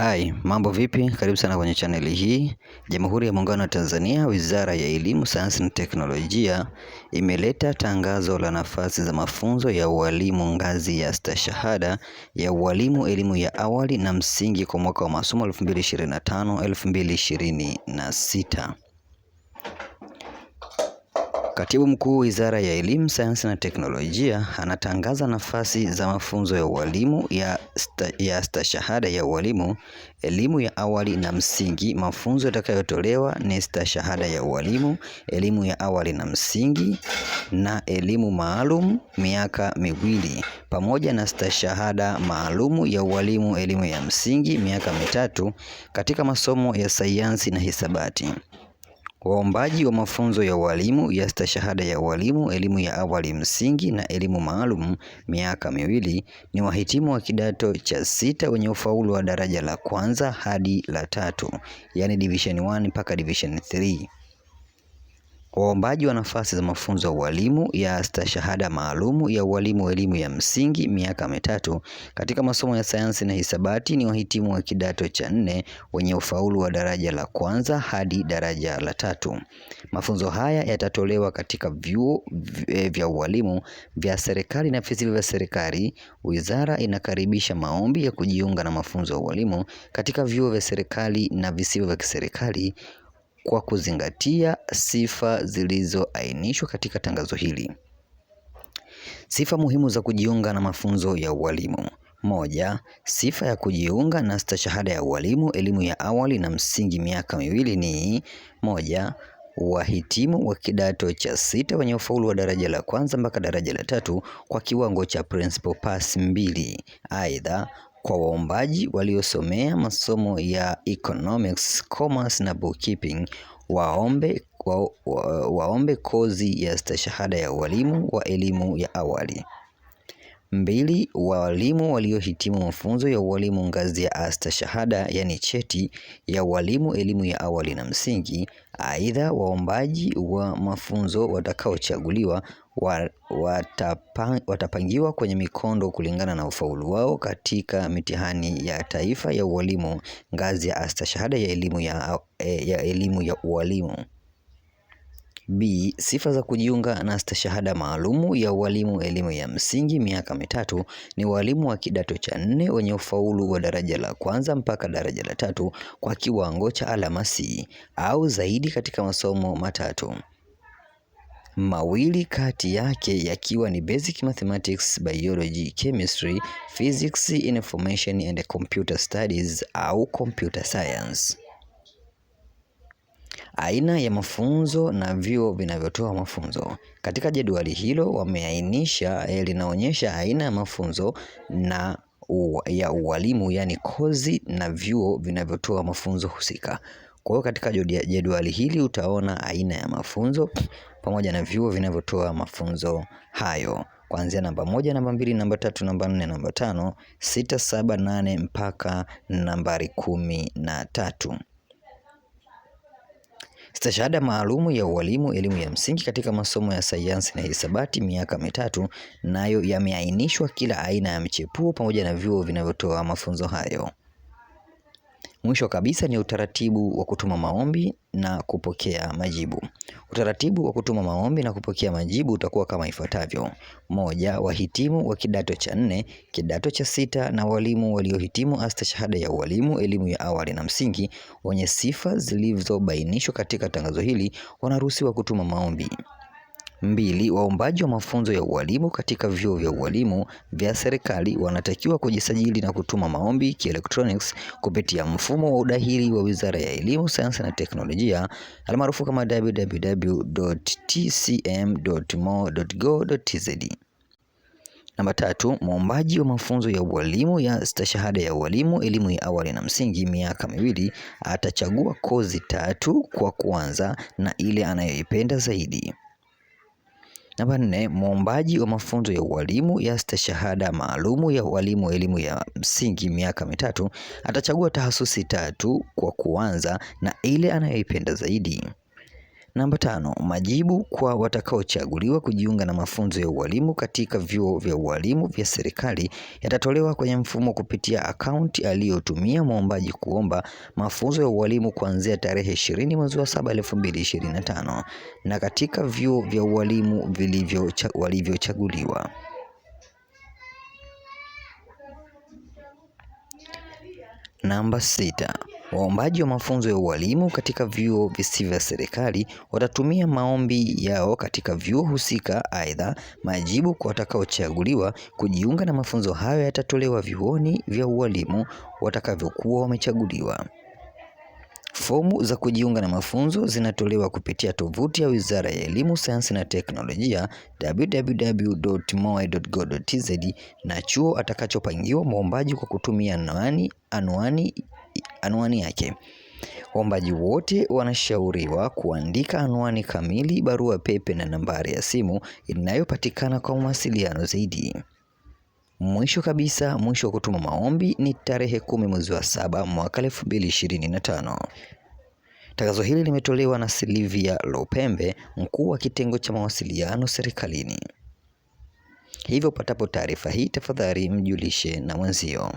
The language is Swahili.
Hai, mambo vipi? Karibu sana kwenye chaneli hii. Jamhuri ya Muungano wa Tanzania, Wizara ya Elimu, Sayansi na Teknolojia imeleta tangazo la nafasi za mafunzo ya ualimu ngazi ya stashahada ya ualimu elimu ya awali na msingi kwa mwaka wa masomo 2025/2026. Katibu Mkuu Wizara ya Elimu, Sayansi na Teknolojia anatangaza nafasi za mafunzo ya ualimu ya, sta, ya stashahada ya ualimu elimu ya awali na msingi. Mafunzo yatakayotolewa ni stashahada ya ualimu elimu ya awali na msingi na elimu maalum miaka miwili, pamoja na stashahada maalumu ya ualimu elimu ya msingi miaka mitatu katika masomo ya sayansi na hisabati. Waombaji wa mafunzo ya ualimu ya stashahada ya ualimu elimu ya awali msingi na elimu maalum miaka miwili ni wahitimu wa kidato cha sita wenye ufaulu wa daraja la kwanza hadi la tatu, yaani division 1 mpaka division 3. Waombaji wa nafasi za mafunzo ya ualimu ya stashahada maalumu ya ualimu wa elimu ya msingi miaka mitatu katika masomo ya sayansi na hisabati ni wahitimu wa kidato cha nne wenye ufaulu wa daraja la kwanza hadi daraja la tatu. Mafunzo haya yatatolewa katika vyuo eh, vya ualimu vya serikali na visivyo vya serikali. Wizara inakaribisha maombi ya kujiunga na mafunzo ya ualimu katika vyuo vya serikali na visivyo vya kiserikali kwa kuzingatia sifa zilizoainishwa katika tangazo hili. Sifa muhimu za kujiunga na mafunzo ya ualimu. Moja, sifa ya kujiunga na stashahada ya ualimu elimu ya awali na msingi miaka miwili ni moja, wahitimu wa kidato cha sita wenye ufaulu wa daraja la kwanza mpaka daraja la tatu kwa kiwango cha principal pass mbili. Aidha, kwa waombaji waliosomea masomo ya economics, commerce na bookkeeping waombe, wa, wa, waombe kozi ya stashahada ya ualimu wa elimu ya awali mbili walimu waliohitimu mafunzo ya ualimu ngazi ya astashahada yani cheti ya ualimu elimu ya awali na msingi. Aidha, waombaji wa mafunzo watakaochaguliwa watapang, watapangiwa kwenye mikondo kulingana na ufaulu wao katika mitihani ya taifa ya ualimu ngazi ya astashahada ya elimu ya, ya elimu ya ualimu. B. Sifa za kujiunga na stashahada maalumu ya ualimu elimu ya msingi miaka mitatu ni walimu wa kidato cha nne wenye ufaulu wa daraja la kwanza mpaka daraja la tatu kwa kiwango cha alama C au zaidi katika masomo matatu mawili kati yake yakiwa ni basic mathematics, biology, chemistry, physics, information and computer studies au computer science aina ya mafunzo na vyuo vinavyotoa mafunzo. Katika jedwali hilo wameainisha eh, linaonyesha aina ya mafunzo na ya ualimu yani kozi na vyuo vinavyotoa mafunzo husika. Kwa hiyo katika jedwali hili utaona aina ya mafunzo pamoja na vyuo vinavyotoa mafunzo hayo kuanzia namba moja, namba mbili, namba tatu, namba nne, namba tano, sita, saba, nane mpaka nambari kumi na tatu stashahada maalumu ya ualimu elimu ya msingi katika masomo ya sayansi na hisabati miaka mitatu, nayo yameainishwa kila aina ya mchepuo pamoja na vyuo vinavyotoa mafunzo hayo. Mwisho kabisa ni utaratibu wa kutuma maombi na kupokea majibu. Utaratibu wa kutuma maombi na kupokea majibu utakuwa kama ifuatavyo: moja, wahitimu wa kidato cha nne, kidato cha sita na walimu waliohitimu astashahada ya ualimu elimu ya awali na msingi wenye sifa zilizobainishwa katika tangazo hili wanaruhusiwa kutuma maombi. Mbili, waombaji wa mafunzo ya ualimu katika vyuo vya ualimu vya serikali wanatakiwa kujisajili na kutuma maombi kielektroniki kupitia mfumo wa udahili wa Wizara ya Elimu, Sayansi na Teknolojia almaarufu kama www.tcm.mo.go.tz. Namba tatu, mwombaji wa mafunzo ya ualimu ya stashahada ya ualimu elimu ya awali na msingi miaka miwili atachagua kozi tatu kwa kuanza na ile anayoipenda zaidi. Namba nne, mwombaji wa mafunzo ya ualimu ya stashahada maalumu ya ualimu wa elimu ya msingi miaka mitatu atachagua tahasusi tatu kwa kuanza na ile anayoipenda zaidi. Namba tano, majibu kwa watakaochaguliwa kujiunga na mafunzo ya ualimu katika vyuo vya ualimu vya serikali yatatolewa kwenye mfumo kupitia akaunti aliyotumia mwombaji kuomba mafunzo ya ualimu kuanzia tarehe 20 mwezi wa 7 2025 na katika vyuo vya ualimu walivyochaguliwa. Namba sita, Waombaji wa mafunzo ya ualimu katika vyuo visivyo vya serikali watatumia maombi yao katika vyuo husika. Aidha, majibu kwa watakaochaguliwa kujiunga na mafunzo hayo yatatolewa vyuoni vya ualimu watakavyokuwa wamechaguliwa. Fomu za kujiunga na mafunzo zinatolewa kupitia tovuti ya Wizara ya Elimu, Sayansi na Teknolojia www.moi.go.tz na chuo atakachopangiwa mwombaji kwa kutumia anwani anwani anwani yake. Waombaji wote wanashauriwa kuandika anwani kamili, barua pepe na nambari ya simu inayopatikana kwa mawasiliano zaidi. Mwisho kabisa, mwisho wa kutuma maombi ni tarehe kumi mwezi wa saba mwaka tano Tangazo hili limetolewa na Silvia Lopembe, mkuu wa kitengo cha mawasiliano serikalini. Hivyo patapo taarifa hii, tafadhali mjulishe na mwenzio.